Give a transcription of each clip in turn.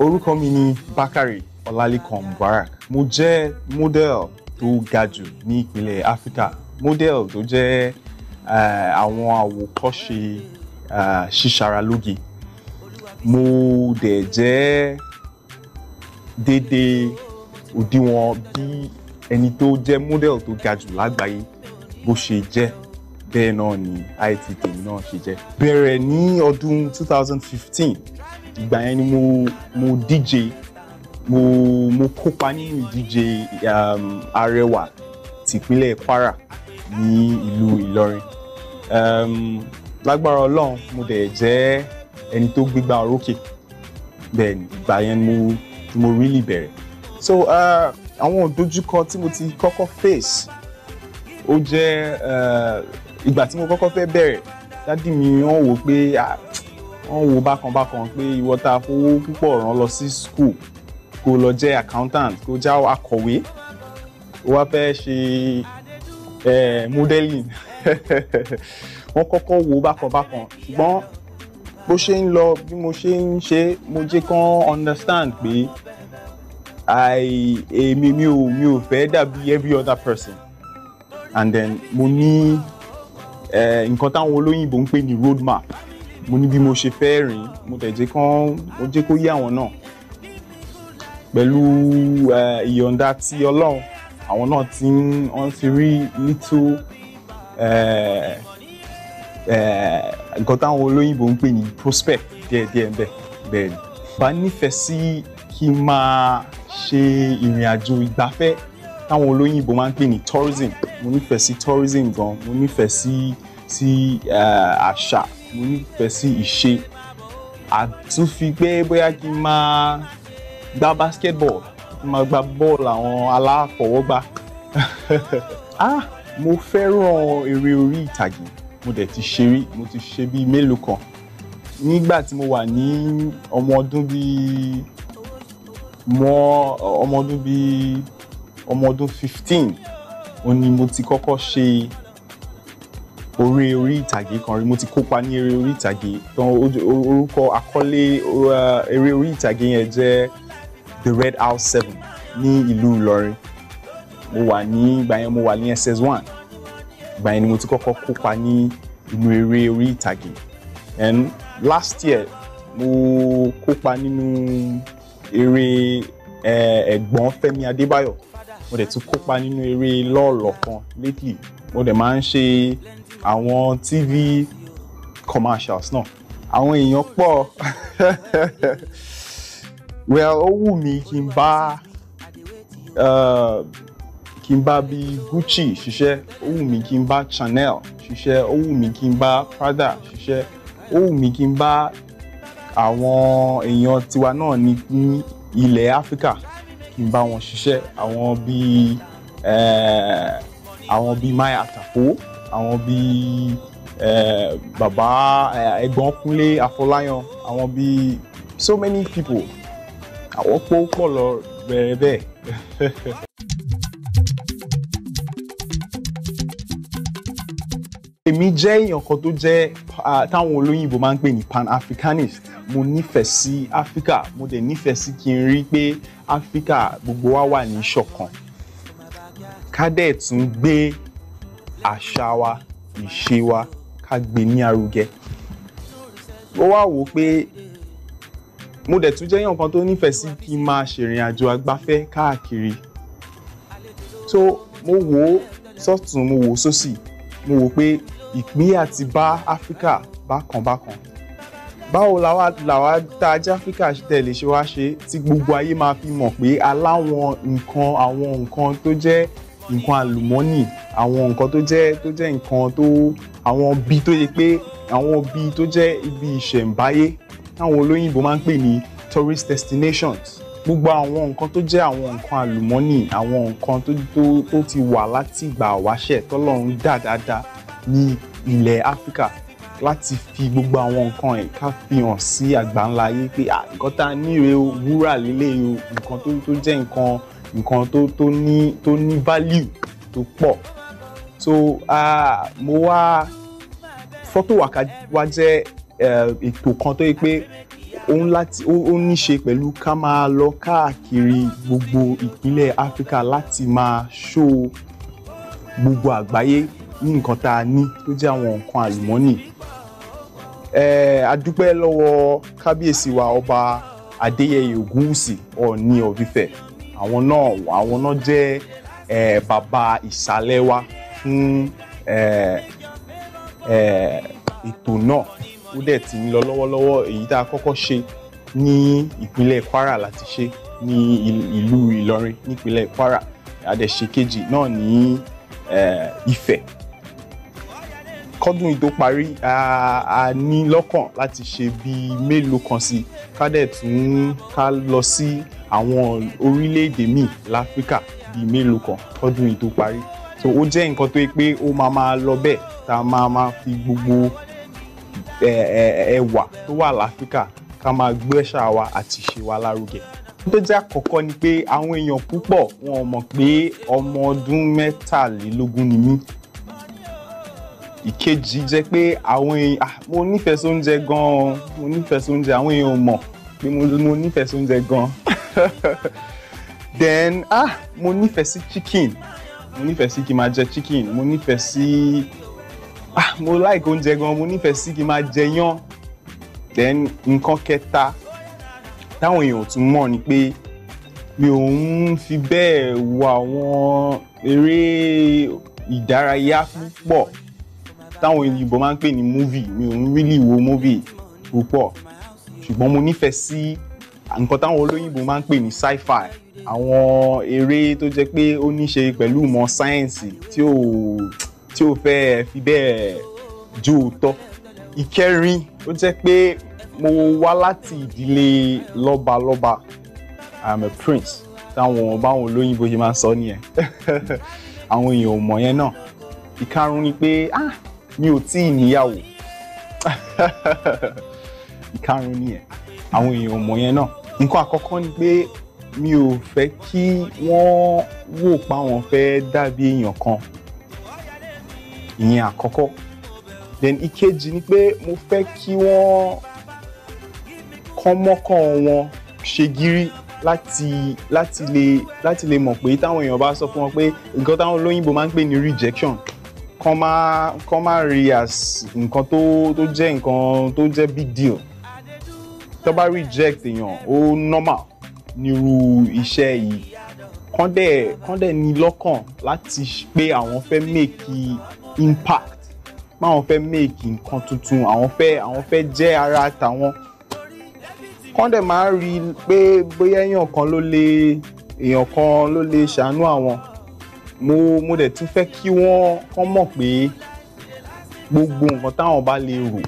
orúkọ mi ni Bakare Ọlálékan Mubarak mo jẹ́ model tó ga jù ní ìpínlẹ̀ Áfíríkà model tó jẹ́ eh, àwọn àwòkọ́ṣe eh, ṣíṣaralóge mo dẹ̀ jẹ́ déédéé òdiwọ̀n bí ẹni tó jẹ́ model tó ga jù lágbàáyé bó ṣe jẹ́ bẹ́ẹ̀ náà ni height tèmi náà ṣe jẹ́. bẹ̀rẹ̀ ní ọdún 2015 ìgbà yẹn ni mo mo díje mo mo kópa nínú ìdíje um, arẹwà tìpínlẹ̀ Kwara ní ìlú Ìlọrin um, lágbára Ọlọ́run mo dẹ̀ jẹ́ ẹni tó gbégbá orókè bẹ́ẹ̀ ìgbà yẹn ni mo mo really bẹ̀rẹ̀ so uh, àwọn uh, ìdojúkọ tí mo ti kọ́kọ́ face ó jẹ́ uh, ìgbà tí mo kọ́kọ́ fẹ́ bẹ̀rẹ̀ dádì mi wọ́n wò pé ah, wọ́n wo bákan bákan pé ìwọ ta fowó púpọ̀ rán lọ sí school kó lọ jẹ́ accountant kó já akọ̀wé ó wá fẹ́ ṣe modeling wọ́n kọ́kọ́ wo bákan bákan ṣùgbọ́n bó ṣe ń lọ bí mo ṣe ń ṣe mo jẹ́ kán understand pé èmi mi ò mi ò fẹ́ dàbí every other person and then mo ní nǹkan táwọn olóyìnbó ń pè ní road map mo ní bí mo ṣe fẹ́ rìn mo tẹ̀ jẹ́ kán mo jẹ́ kó yé àwọn náà pẹ̀lú ìyọ̀ǹda ti ọlọ́run àwọn náà ti ń wọ́n ti rí little nǹkan táwọn olóyìnbó ń pè ní prospect díẹ̀díẹ̀ ń bẹ̀ bẹ́ẹ̀ ni. bá nífẹ̀ẹ́ sí kí n máa ṣe ìrìn àjò ìgbafẹ́ táwọn olóyìnbó máa ń pè ní tourism mo nífẹ̀ẹ́ sí tourism gan mo nífẹ̀ẹ́ sí sí àṣà. Uh, mo nífẹ̀ẹ́ sí ìṣe àtúnfi pé bóyá kí n máa gbá basketball kí n máa gbá bọ́ọ̀lù àwọn aláfọwọ́gbá ah mo fẹ́ràn eré orí ìtàgé mo dẹ̀ ti ṣe rí mo ti ṣe bíi mélòó kan nígbà tí mo wà ní ọmọ ọdún bíi mọ ọmọ ọdún bíi ọmọ ọdún fifteen òun ni mo ti kọ́kọ́ ṣe orí orí ìtàgé kan rí mo ti kópa ní eré orí ìtàgé tán orúkọ àkọlé eré orí ìtàgé yẹn jẹ́ the red house seven ní ìlú Ìlọrin mo wà ní ìgbà yẹn mo wà ní ss one ìgbà yẹn ni mo ti kọ́kọ́ kópa ní inú eré orí ìtàgé and last year mo kópa nínú eré eh, ẹ̀gbọ́n Fẹ́mi Adébáyọ̀ mo dẹ̀ tún kópa nínú eré lọ́ọ̀lọ̀ kan lately mo dẹ̀ máa ń ṣe àwọn TV commercials náà àwọn èèyàn pọ̀ well ó wù mí kí n bá uh, kí n bá bí Gucci ṣiṣẹ́ ó wù mí kí n bá Chanel ṣiṣẹ́ ó wù mí kí n bá Prada ṣiṣẹ́ ó wù mí kí n bá àwọn èèyàn tiwa náà ní ilẹ̀ Áfíríkà kí n bá wọn ṣiṣẹ́ àwọn bíi àwọn bíi Mai Àtàpó àwọn bíi bàbá ẹ̀gbọ́n Kúnlé Afọláyan àwọn bíi so many people àwọn pọ̀ pọ̀ lọ bẹ̀rẹ̀ bẹ́ẹ̀. èmi jẹ́ èèyàn kan tó jẹ́ táwọn olóyìnbó máa ń pè ní pan-africanist mo nífẹ̀ẹ́ sí áfíríkà mo dẹ̀ nífẹ̀ẹ́ sí kí n rí pé áfíríkà gbogbo wa wà ní ṣọ̀kan ká dẹ̀ tún gbé àṣà wa ìṣe wa ká gbé ní arugẹ ó wá wò ó pé mo dẹ̀ tún jẹ́ èèyàn kan tó nífẹ̀ẹ́ sí kí n máa ṣèrìn àjò agbáfẹ́ káàkiri tó mo wò ó sọ́tún mo wò ó sósì mo wò pé ìpínyà ti bá áfíríkà bákan bákan báwo làwa làwa tá a jẹ́ áfíríkà tẹ̀lé ṣe wá ṣe tí gbogbo ayé máa fi mọ̀ pé aláwọn nǹkan àwọn nǹkan tó jẹ́ nǹkan àlùmọ́nì àwọn nǹkan tó jẹ́ tó jẹ́ nǹkan tó àwọn bí tó yẹ pé àwọn bí tó jẹ́ ibi ìṣẹ̀ǹbáyé táwọn olóyìnbó máa ń pè ní tourist destinations gbogbo àwọn nǹkan tó jẹ́ àwọn nǹkan àlùmọ́nì àwọn nǹkan tó tó ti wà láti ìgbà wáṣẹ̀ tọ́lọ́run dà dáadáa ní ilẹ̀ áfíríkà láti fi gbogbo àwọn nǹkan ẹ̀ ká fi hàn sí àgbáńlá ayé pé nǹkan tá a ní o wúrà lélẹ̀ o nǹkan tó jẹ́ nǹkan nǹkan tó ní value tó pọ̀ so uh, mo wá fọ́tò wákà wá jẹ́ ètò kan tó yẹ pé òun láti ó ní ṣe pẹ̀lú ká máa lọ káàkiri gbogbo ìpínlẹ̀ Áfíríkà láti máa ṣó gbogbo àgbáyé ní nǹkan tá a ní tó jẹ́ àwọn nǹkan àlùmọ́nì adúpẹ́ lọ́wọ́ kábíyèsí wa ọba adéyẹyè ògúnwùsì ọọ̀ni ọ̀fífẹ́ àwọn náà àwọn náà jẹ́ bàbá ìsàlẹ̀ wa fún ètò náà ó dẹ̀ ti ń lọ lọ́wọ́lọ́wọ́ èyí tá a kọ́kọ́ ṣe ní ìpínlẹ̀ kwara láti ṣe ní ìlú ìlọrin nípínlẹ̀ kwara a dẹ̀ ṣe kejì náà ní Ifẹ̀ kọ́dún ìdó parí a ní lọ́kàn láti ṣe bíi mélòó kan sí ká dẹ̀ tún ká lọ sí àwọn orílẹ̀-èdè míì láfíríkà bíi mélòó kan kọ́dún ìdó parí so ó jẹ́ nǹkan tó yẹ pé ó máa máa lọ bẹ́ẹ̀ tá a máa máa fi gbogbo ẹwà tó wà láfíríkà ká máa gbẹ́ṣà wa àti ṣe wa lárugẹ tó jẹ́ àkọ́kọ́ ni pé àwọn èèyàn púpọ̀ wọn ò mọ̀ pé ọmọ ọdún mẹ́tàlélógún ni mí ìkejì jẹ́ pé àwọn èèyàn ah, mo nífẹ̀ẹ́ sóúnjẹ gan-an mo nífẹ̀ẹ́ sóúnjẹ àwọn èèyàn ò mọ̀ pé mo nífẹ̀ẹ́ sóúnjẹ gan-an then ah mo nífẹ̀ẹ́ sí chicken mo nífẹ̀ẹ́ sí kí n máa jẹ chicken mo nífẹ̀ẹ́ sí ah mo like oúnjẹ gan-an mo nífẹ̀ẹ́ sí kí n máa jẹ yán then nǹkan kẹta táwọn èèyàn ò tún mọ̀ ni pé mi ò ń fi bẹ́ẹ̀ wo àwọn eré ìdárayá púpọ̀ táwọn òyìnbó máa ń pè ní movie mi ò ń really wo movie púpọ̀ ṣùgbọ́n mo nífẹ̀ẹ́ sí nǹkan táwọn olóyìnbó máa ń pè ní sci-fi àwọn eré tó jẹ́ pé ó ní ṣe pẹ̀lú ìmọ̀ sáyẹ́ǹsì tí ò tí ò fẹ́ fi bẹ́ẹ̀ jó òótọ́ ìkẹrin ó jẹ́ pé mo wá láti ìdílé lọ́balọ́ba i'm a prince táwọn báwọn olóyìnbó ṣe máa ń sọ nìyẹn àwọn èèyàn ò mọ̀ yẹn náà ìkarùn ni pé ah mi ò tí ì níyàwó ìkarùn nìyẹn àwọn èèyàn mọ̀ yẹn náà nǹkan àkọ́kọ́ ni pé mi ò fẹ́ kí wọ́n wò pa wọn fẹ́ dàbí èèyàn kan ìyẹn àkọ́kọ́ then ìkejì ni pé mo fẹ́ kí wọ́n kọ́ mọ́kàn wọn ṣe gírí láti láti lè láti lè mọ̀ pé táwọn èèyàn bá sọ fún wọn pé nǹkan táwọn olóyìnbó máa ń pè ní rejection kàn máa kàn máa rí as nǹkan tó tó jẹ́ nǹkan tó jẹ́ big deal tó bá reject èèyàn ó normal nírú iṣẹ́ yìí kàn dẹ̀ kàn dẹ̀ ní lọ́kàn láti pé àwọn fẹ́ make impact máwọn fẹ́ make nǹkan tuntun àwọn fẹ́ àwọn fẹ́ jẹ́ ara tàwọn kàn dẹ̀ máa rí i pé bóyá èèyàn kan ló lè èèyàn kan ló lè ṣàánú àwọn mo mo dẹ̀ tún fẹ́ kí wọ́n kàn mọ̀ pé gbogbo nǹkan táwọn bá lè rò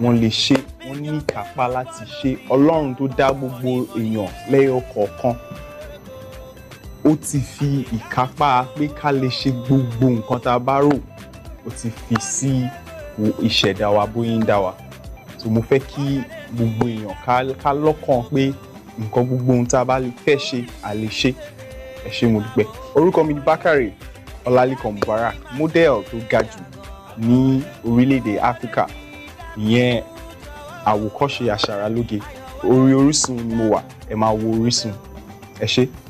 wọ́n lè ṣe wọ́n ní ìkápá láti ṣe ọlọ́run tó dá gbogbo èèyàn lẹ́yọ kọ̀ọ̀kan ó ti fi ìkápá pé ká lè ṣe gbogbo nǹkan tá a bá rò ó ti fi sí ìṣẹ̀dá wa bóyá ń dá wa tó mo fẹ́ kí gbogbo èèyàn ká lọ́kàn pé nǹkan gbogbo ohun tá a bá fẹ́ ṣe a lè ṣe ẹ ṣé mo dúpẹ́ orúkọ mi ni Bakare Ọlálékan Mubarak model tó ga jù ní orílẹ̀-èdè Áfíríkà ìyẹn àwòkọ́ṣe aṣaralóge orí Orísun ni mo wà ẹ máa wo Orísun ẹ ṣé.